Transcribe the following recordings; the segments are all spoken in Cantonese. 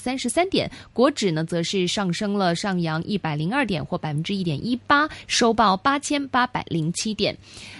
三十三點，國指呢，則是上升了，上揚一百零二點，或百分之一點一八，收報八千八百零七點。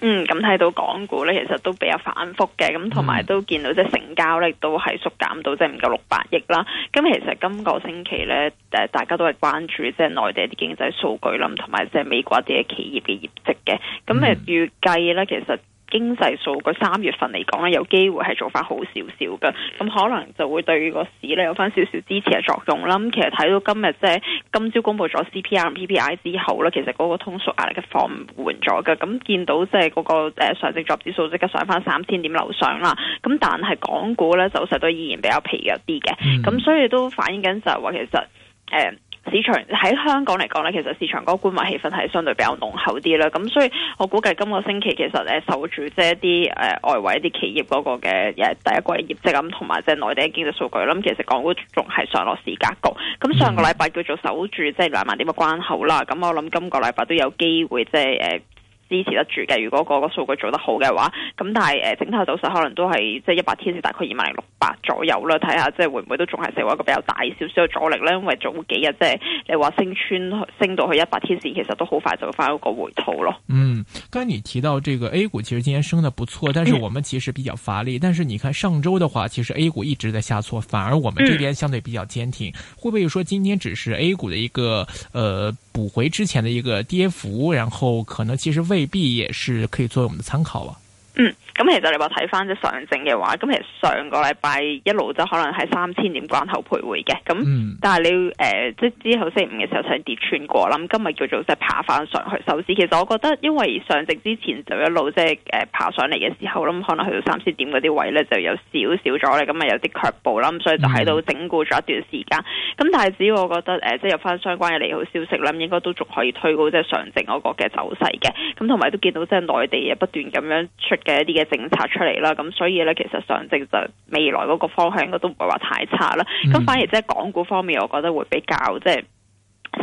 嗯，咁睇到港股咧，其實都比較反覆嘅，咁同埋都見到即係成交咧都係縮減到即係唔夠六百億啦。咁其實今個星期咧，誒，大家都係關注即係內地一啲經濟數據啦，同埋即係美國一啲嘅企業嘅業績嘅。咁誒，預計咧，其實。經濟數據三月份嚟講咧，有機會係做翻好少少嘅，咁可能就會對個市咧有翻少少支持嘅作用啦。咁其實睇到今日即係今朝公布咗 CPI、PPI 之後咧，其實嗰、就是、個通縮壓力嘅放緩咗嘅，咁見到即係嗰個上證綜指數即刻上翻三千點樓上啦。咁但係港股咧走勢都依然比較疲弱啲嘅，咁、嗯、所以都反映緊就係話其實誒。呃市場喺香港嚟講呢其實市場嗰個觀望氣氛係相對比較濃厚啲啦。咁所以，我估計今個星期其實誒守住即係一啲誒外圍啲企業嗰個嘅誒第一季業績咁，同埋即係內地嘅經濟數據。咁其實港股仲係上落市格局。咁上個禮拜叫做守住即係兩萬點嘅關口啦。咁我諗今個禮拜都有機會即係誒。支持得住嘅，如果嗰個數據做得好嘅話，咁但係誒、呃、整體走勢可能都係即係一百天線大概二萬零六百左右啦。睇下即係會唔會都仲係成為一個比較大少少嘅阻力咧？因為早幾日即係你話升穿升到去一百天線，其實都好快就會翻一個回吐咯。嗯，剛才你提到這個 A 股其實今天升得不錯，但是我們其實比較乏力。嗯、但是你看上周的話，其實 A 股一直在下挫，反而我們這邊相對比較堅挺。會不會說今天只是 A 股的一個，呃，補回之前的一個跌幅，然後可能其實未必也是可以作為我們的參考啊。嗯。咁其實你話睇翻即上證嘅話，咁其實上個禮拜一路就可能係三千點關口徘徊嘅，咁但係你誒即係之後四五嘅時候係跌穿過啦，咁今日叫做即係爬翻上去，首先其實我覺得因為上證之前就一路即係爬上嚟嘅時候啦，咁可能去到三千點嗰啲位咧就有少少阻力，咁咪有啲卻步啦，咁所以就喺度整固咗一段時間。咁但係只要我覺得即係有翻相關嘅利好消息啦，咁應該都仲可以推高即係上證嗰個嘅走勢嘅。咁同埋都見到即係內地嘅不斷咁樣出嘅一啲嘅政策出嚟啦，咁所以咧，其實上證就未來嗰個方向，都唔會話太差啦。咁反而即係港股方面，我覺得會比較即係。就是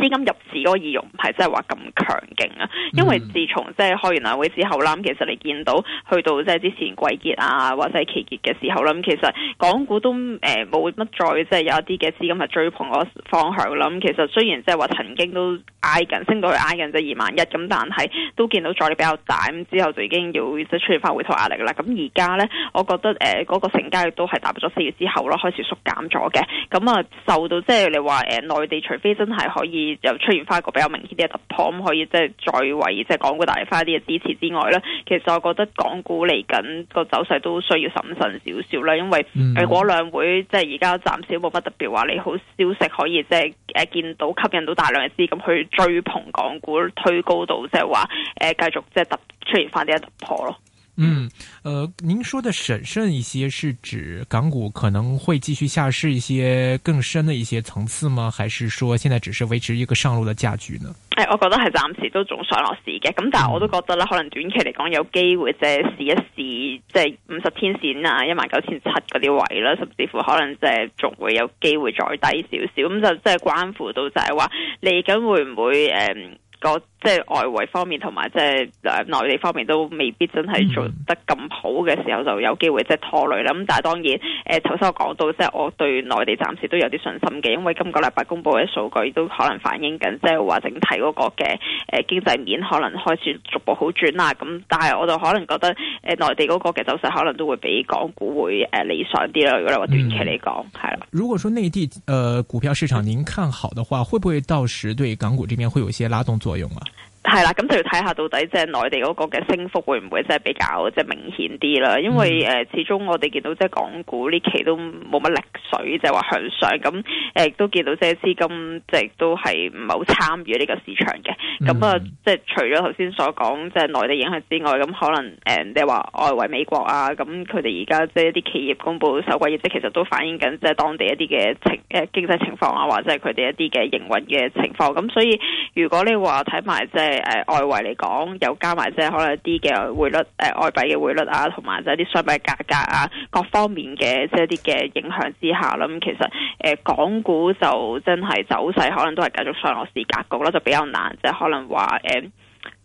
資金入市嗰個意欲唔係真係話咁強勁啊，因為自從即係開完兩會之後啦，其實你見到去到即係之前季結啊，或者期結嘅時候啦，咁其實港股都誒冇乜再即係、就是、有一啲嘅資金去追捧嗰個方向啦。咁其實雖然即係話曾經都挨緊，升到去挨緊即係二萬一咁，但係都見到阻力比較大咁，之後就已經要即出現反回頭壓力啦。咁而家咧，我覺得誒嗰、呃那個成交亦都係打破咗四月之後咯，開始縮減咗嘅。咁啊，受到即係你話誒內地，除非真係可以。又出現翻一個比較明顯啲嘅突破，咁可以即係再為即係港股帶來啲嘅支持之外咧，其實我覺得港股嚟緊個走勢都需要審慎少少啦，因為誒嗰兩會即係而家暫時冇乜特別話，利好消息可以即係誒見到吸引到大量嘅資金去追捧港股，推高到即係話誒繼續即係突出現翻啲嘅突破咯。嗯，呃您說的審慎一些，是指港股可能會繼續下市一些更深的一些層次嗎？還是說現在只是維持一個上落的價局呢？誒、哎，我覺得係暫時都仲上落市嘅，咁但係我都覺得咧，可能短期嚟講有機會即係試一試，嗯、即係五十天線啊，一萬九千七嗰啲位啦，甚至乎可能即係仲會有機會再低少少，咁就即係關乎到就係話嚟緊會唔會誒個？呃即係外圍方面同埋即係內地方面都未必真係做得咁好嘅時候就有機會即係拖累啦。咁但係當然誒頭先我講到即係、呃、我對內地暫時都有啲信心嘅，因為今個禮拜公佈嘅數據都可能反映緊即係話整體嗰個嘅誒、呃、經濟面可能開始逐步好轉啦。咁但係我就可能覺得誒內、呃、地嗰個嘅走勢可能都會比港股會誒理想啲啦。如果話短期嚟講係啦。嗯、的如果說內地誒、呃、股票市場您看好的話，會不會到時對港股呢邊會有一些拉動作用啊？係啦，咁就要睇下到底即係內地嗰個嘅升幅會唔會即係比較即係明顯啲啦。因為誒、嗯、始終我哋見到即係港股呢期都冇乜力水，即係話向上。咁誒都見到即係資金即係都係唔係好參與呢個市場嘅。咁啊、嗯，即係除咗頭先所講即係內地影響之外，咁可能誒你話外圍美國啊，咁佢哋而家即係一啲企業公佈首季業績，其實都反映緊即係當地一啲嘅情誒經濟情況啊，或者係佢哋一啲嘅營運嘅情況。咁所以如果你話睇埋即係誒誒，外圍嚟講，又加埋即係可能一啲嘅匯率誒、呃，外幣嘅匯率啊，同埋就係啲商品價格啊，各方面嘅即係一啲嘅影響之下啦。咁其實誒、呃，港股就真係走勢可能都係繼續上落市格局啦，就比較難，即係可能話誒、呃，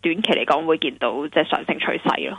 短期嚟講會見到即係上升趨勢咯。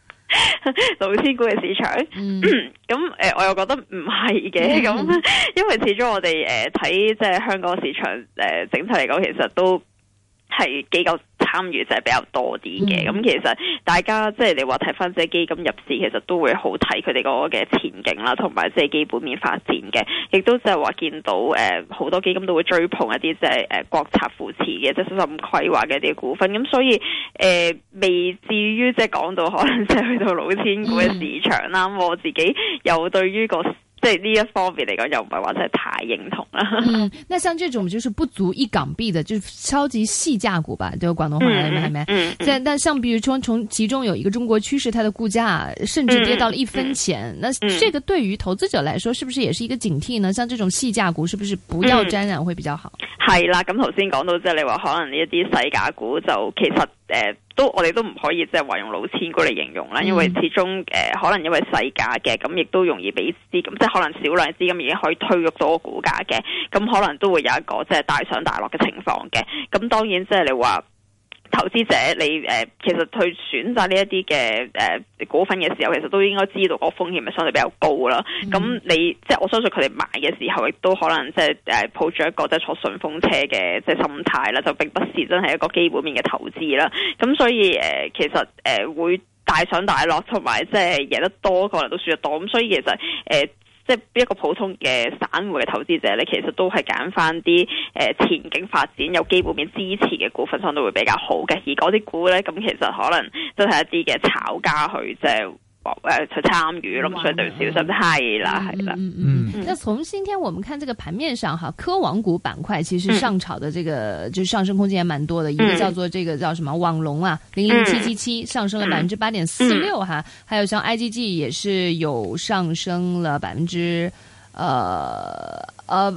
老千股嘅市場，咁誒、嗯 呃，我又覺得唔係嘅，咁、嗯、 因為始終我哋誒睇即係香港市場誒、呃、整體嚟講，其實都係幾夠。參與就係比較多啲嘅，咁其實大家即係、就是、你話睇翻隻基金入市，其實都會好睇佢哋個嘅前景啦，同埋即係基本面發展嘅，亦都即係話見到誒好、呃、多基金都會追捧一啲即係誒國策扶持嘅即係十四五規劃嘅啲股份，咁所以誒、呃、未至於即係講到可能即係去到老千股嘅市場啦。嗯、我自己又對於個，即係呢一方面嚟講，又唔係話真係太認同啦。嗯，那像這種就是不足一港幣的，就是超級細價股吧，就廣東話嚟講係咪？嗯嗯。但、嗯、但像，比如說從其中有一個中國趨勢，它的股價甚至跌到了一分錢，嗯嗯、那這個對於投資者來說，是不是也是一個警惕呢？像這種細價股，是不是不要沾染會比較好？係、嗯嗯、啦，咁頭先講到即係你話，就是、可能呢一啲細價股就其實誒。呃都我哋都唔可以即係話用老千股嚟形容啦，因為始終誒、呃、可能因為細價嘅，咁亦都容易俾啲咁即係可能少量資金已經可以推喐到個股價嘅，咁可能都會有一個即係、就是、大上大落嘅情況嘅，咁當然即係、就是、你話。投資者你誒其實去選擇呢一啲嘅誒股份嘅時候，其實都應該知道個風險係相對比較高啦。咁、mm hmm. 你即係我相信佢哋買嘅時候，亦都可能即係誒抱住一個即係坐順風車嘅即係心態啦，就並不是真係一個基本面嘅投資啦。咁所以誒、呃，其實誒、呃、會大上大落，同埋即係贏得多可能都輸得多。咁所以其實誒。呃即係一個普通嘅散戶嘅投資者咧，其實都係揀翻啲誒前景發展有基本面支持嘅股份，相對會比較好嘅。而嗰啲股咧，咁其實可能都係一啲嘅炒家去即係。呃參與咯，所以就小心係啦，係啦龍、嗯。嗯嗯，嗯，嗯那從今天我們看這個盤面上，哈，科網股板塊其實上炒的這個、嗯、就是上升空間也蠻多的。一個叫做這個叫什麼網龍啊，零零七七七上升了百分之八點四六哈。嗯、還有像 IGG 也是有上升了百分之，呃，呃。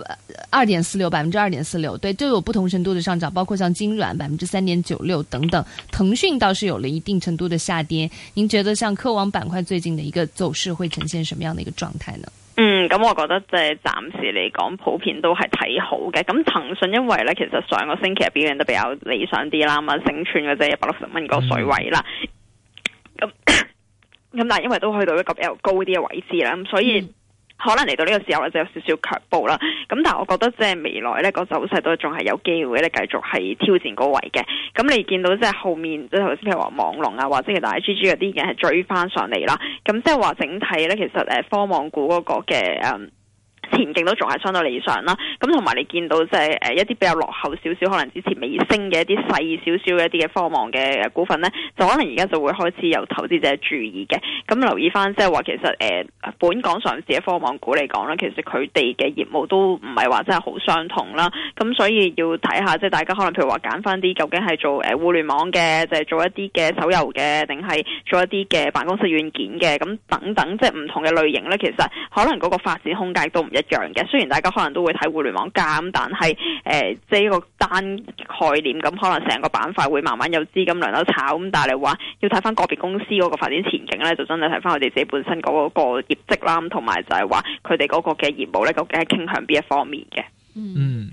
二點四六，百分之二點四六，對，都有不同程度的上漲，包括像金軟百分之三點九六等等。騰訊倒是有了一定程度的下跌。您覺得像科網板塊最近的一個走勢會呈現什麼樣的一個狀態呢？嗯，咁、嗯嗯、我覺得即係暫時嚟講，普遍都係睇好嘅。咁騰訊因為咧，其實上個星期表現得比較理想啲啦，嘛、嗯，升穿嗰隻一百六十蚊個水位啦。咁咁但係因為都去到一個比較高啲嘅位置啦，咁所以。可能嚟到呢個時候咧就有少少卻步啦，咁但係我覺得即係未來咧個走勢都仲係有機會咧繼續係挑戰高位嘅。咁你見到即係後面即係頭先譬如話網龍啊，或者其大 IGG 嗰啲嘢係追翻上嚟啦。咁即係話整體咧，其實誒科網股嗰個嘅誒。嗯前景都仲係相當理想啦，咁同埋你見到即係誒一啲比較落後少少，可能之前未升嘅一啲細少少嘅一啲嘅科網嘅股份呢，就可能而家就會開始由投資者注意嘅。咁留意翻即係話，就是、其實誒本港上市嘅科網股嚟講咧，其實佢哋嘅業務都唔係話真係好相同啦。咁所以要睇下即係大家可能譬如話揀翻啲究竟係做誒互聯網嘅，就係、是、做一啲嘅手遊嘅，定係做一啲嘅辦公室軟件嘅，咁等等即係唔同嘅類型呢，其實可能嗰個發展空間都唔一樣嘅，雖然大家可能都會睇互聯網加但係誒，即係一個單概念咁，可能成個板塊會慢慢有資金量有炒咁，但係話要睇翻個別公司嗰個發展前景咧，就真係睇翻佢哋自己本身嗰個業績啦，同埋就係話佢哋嗰個嘅業務咧，究竟係傾向邊一方面嘅。嗯。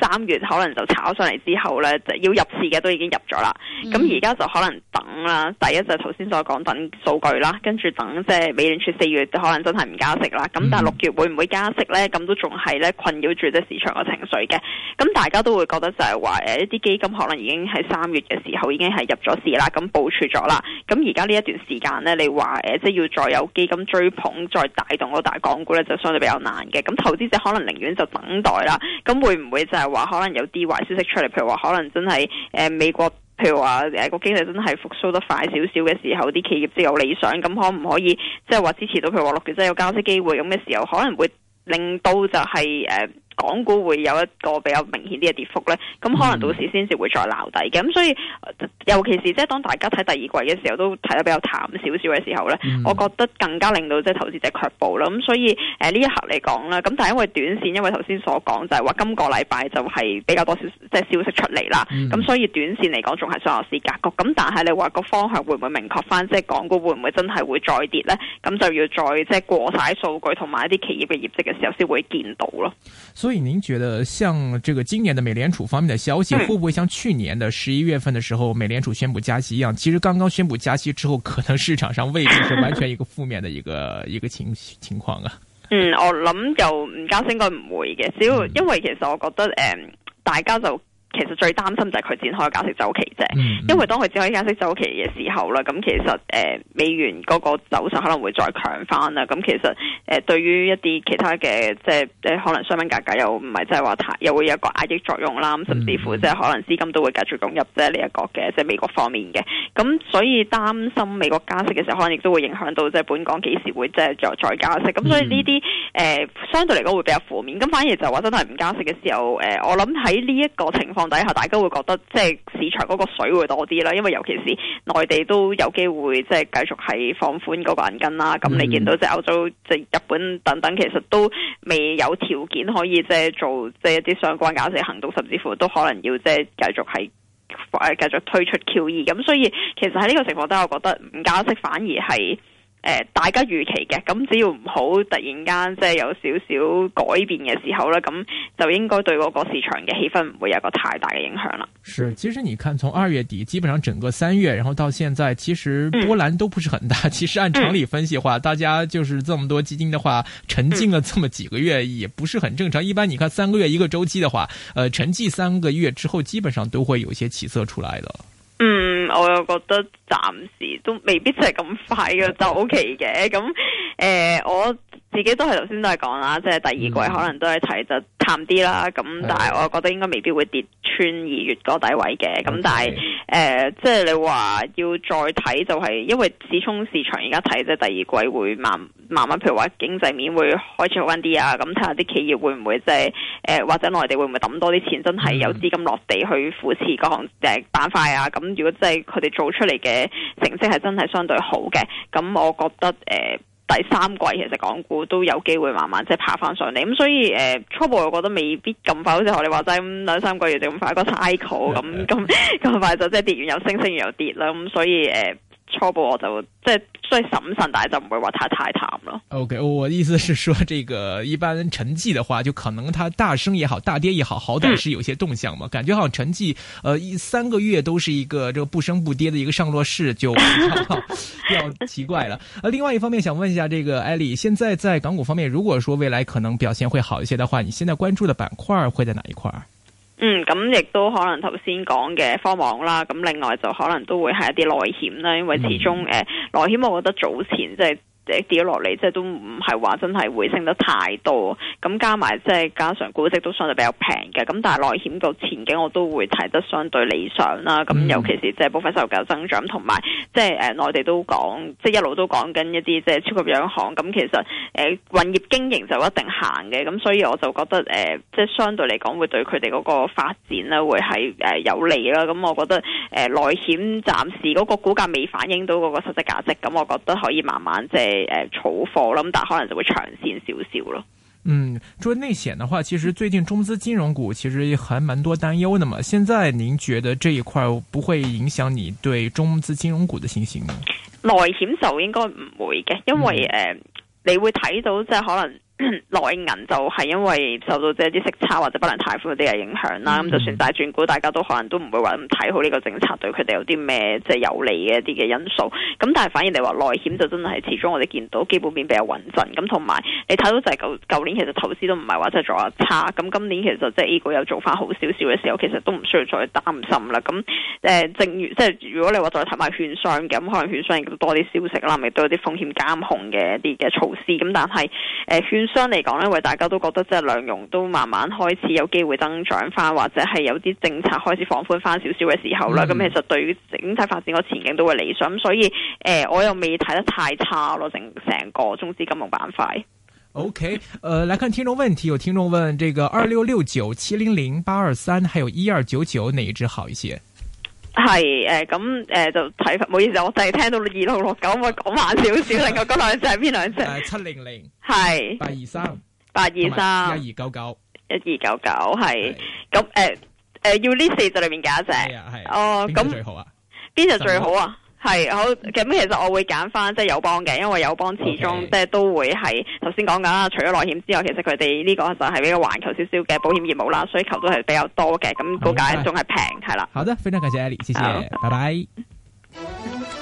三月可能就炒上嚟之後呢，就要入市嘅都已經入咗啦。咁而家就可能等啦。第一就頭先所講等數據啦，跟住等即係美聯儲四月可能真係唔加息啦。咁但係六月會唔會加息呢？咁都仲係咧困擾住啲市場嘅情緒嘅。咁大家都會覺得就係話誒一啲基金可能已經喺三月嘅時候已經係入咗市啦，咁部署咗啦。咁而家呢一段時間呢，你話、呃、即係要再有基金追捧再帶動嗰大港股呢，就相對比較難嘅。咁投資者可能寧願就等待啦。咁會唔會就係、是？話可能有啲壞消息出嚟，譬如話可能真係，誒、呃、美國譬如話誒個經濟真係復蘇得快少少嘅時候，啲企業即有理想，咁可唔可以即係話支持到？譬如話六月真係有交息機會咁嘅時候，可能會令到就係、是、誒。呃港股會有一個比較明顯啲嘅跌幅咧，咁可能到時先至會再撈底嘅，咁、嗯、所以尤其是即係當大家睇第二季嘅時候，都睇得比較淡少少嘅時候咧，嗯、我覺得更加令到即係投資者卻步啦。咁所以誒呢、呃、一刻嚟講啦，咁但係因為短線因為頭先所講就係話今個禮拜就係比較多少少即係消息出嚟啦，咁、嗯、所以短線嚟講仲係上落市格局。咁但係你話個方向會唔會明確返，即係港股會唔會真係會再跌咧？咁就要再即係過晒數據同埋一啲企業嘅業績嘅時候先會見到咯。所以您覺得，像這個今年的美聯儲方面的消息，會不會像去年的十一月份的時候，美聯儲宣布加息一樣？其實剛剛宣布加息之後，可能市場上未必是完全一個負面的一個 一個情情況啊。嗯，我諗就唔加息應該唔會嘅，只要因為其實我覺得誒、呃，大家就。其實最擔心就係佢展開加息周期啫，因為當佢展開加息周期嘅時候咧，咁其實誒、呃、美元嗰個走勢可能會再強返啦。咁其實誒、呃、對於一啲其他嘅即係誒可能商品價格又唔係即係話太，又會有一個壓抑作用啦。甚至乎即係可能資金都會繼續湧入咧呢一個嘅即係美國方面嘅。咁所以擔心美國加息嘅時候，可能亦都會影響到即係本港幾時會即係再再加息。咁所以呢啲誒相對嚟講會比較負面。咁反而就話真係唔加息嘅時候，誒、呃、我諗喺呢一個情況底下大家會覺得，即係市場嗰個水會多啲啦，因為尤其是內地都有機會，即係繼續係放寬嗰個銀根啦。咁你見到即係歐洲、即係日本等等，其實都未有條件可以即係做即係一啲相關加息行動，甚至乎都可能要即係繼續係誒繼續推出 QE。咁所以其實喺呢個情況底下，我覺得唔加息反而係。呃、大家預期嘅，咁只要唔好突然間即係有少少改變嘅時候呢，咁就應該對嗰個市場嘅氣氛唔會有一個太大嘅影響啦。是，其實你看從二月底，基本上整個三月，然後到現在，其實波瀾都不是很大。嗯、其實按常理分析話，大家就是這麼多基金的話，沉寂了這麼幾個月，嗯、也不是很正常。一般你看三個月一個週期的話，呃，沉寂三個月之後，基本上都會有些起色出來的。嗯，我又覺得暫時都未必 就係咁快嘅 OK 嘅，咁誒、呃、我自己都係頭先都係講啦，即係第二季可能都係睇就淡啲啦，咁但係我覺得應該未必會跌穿二月個底位嘅，咁 但係誒、呃、即係你話要再睇就係、是、因為始終市場而家睇即係第二季會慢。慢慢，譬如話經濟面會開始好翻啲啊，咁睇下啲企業會唔會即係誒，或者內地會唔會抌多啲錢，真係有資金落地去扶持嗰行誒板、呃、塊啊？咁如果即係佢哋做出嚟嘅成績係真係相對好嘅，咁我覺得誒、呃、第三季其實港股都有機會慢慢即係爬翻上嚟。咁所以誒、呃、初步我覺得未必咁快，好似學你話齋咁兩三個月就咁快個 cycle 咁咁咁快就即係 跌完又升，升完又跌啦。咁所以誒。呃初步我就即係，所以審唔審大就唔會話太太淡咯。O、okay, K，我的意思是說，這個一般成績的話，就可能它大升也好，大跌也好，好歹是有些動向嘛。嗯、感覺好像成績，呃，一三個月都是一個這個不升不跌的一個上落市，就比較奇怪了。呃 另外一方面想問一下，這個 Ellie，現在在港股方面，如果說未來可能表現會好一些的話，你現在關注的板塊會在哪一塊？嗯，咁亦都可能頭先講嘅科網啦，咁另外就可能都會係一啲內險啦，因為始終誒內險，我覺得早前即係。跌咗落嚟，即係都唔係話真係回升得太多。咁加埋即係加上估值都相對比較平嘅。咁但係內險個前景我都會睇得相對理想啦。咁尤其是即係部分收入增長，同埋即係誒內地都講即係一路都講緊一啲即係超級央行。咁其實誒運業經營就一定行嘅。咁所以我就覺得誒即係相對嚟講會對佢哋嗰個發展咧會係誒有利啦。咁我覺得誒內險暫時嗰個股價未反映到嗰個實際價值，咁我覺得可以慢慢即係。誒，儲貨啦，咁但係可能就會長線少少咯。嗯，咁內險的話，其實最近中資金融股其實還蠻多擔憂的嘛。現在您覺得這一塊不會影響你對中資金融股的信心嗎？內險就應該唔會嘅，因為誒、嗯呃，你會睇到即係可能。 內銀就係因為受到即係啲息差或者不能貸款嗰啲嘅影響啦，咁、嗯、就算大轉股，大家都可能都唔會話咁睇好呢個政策對佢哋有啲咩即係有利嘅一啲嘅因素。咁但係反而你話內險就真係始終我哋見到基本面比較穩陣咁，同埋你睇到就係舊舊年其實投資都唔係話真係做得差，咁今年其實即係 A 股有做翻好少少嘅時候，其實都唔需要再擔心啦。咁誒，正如即係如果你話再睇埋券商咁，可能券商亦都多啲消息啦，咪都有啲風險監控嘅一啲嘅措施。咁但係誒、呃相嚟講呢，因為大家都覺得即係兩融都慢慢開始有機會增長翻，或者係有啲政策開始放寬翻少少嘅時候啦，咁、嗯、其實對於整體發展個前景都會理想，所以誒、呃，我又未睇得太差咯，成成個中資金融板塊。OK，誒嚟睇聽眾問題，有聽眾問：呢個二六六九七零零八二三，還有一二九九，哪一隻好一些？係誒，咁誒、呃呃、就睇，唔好意思，我淨係聽到二六六九，可唔可講慢少少，另外嗰兩隻係邊兩隻？係七零零，係八二三八二三一二九九一二九九，係，咁誒誒要呢四隻裏面揀一隻，係、啊啊、哦，邊隻最好啊？邊隻最好啊？係好，咁，其實我會揀翻即係友邦嘅，因為友邦始終 Okay. 即係都會係，頭先講緊啦，除咗內險之外，其實佢哋呢個就係比較環球少少嘅保險業務啦，需求都係比較多嘅，咁嗰價仲係平係啦。Okay. 的好的，非常感謝 Ellie 謝謝，好拜拜。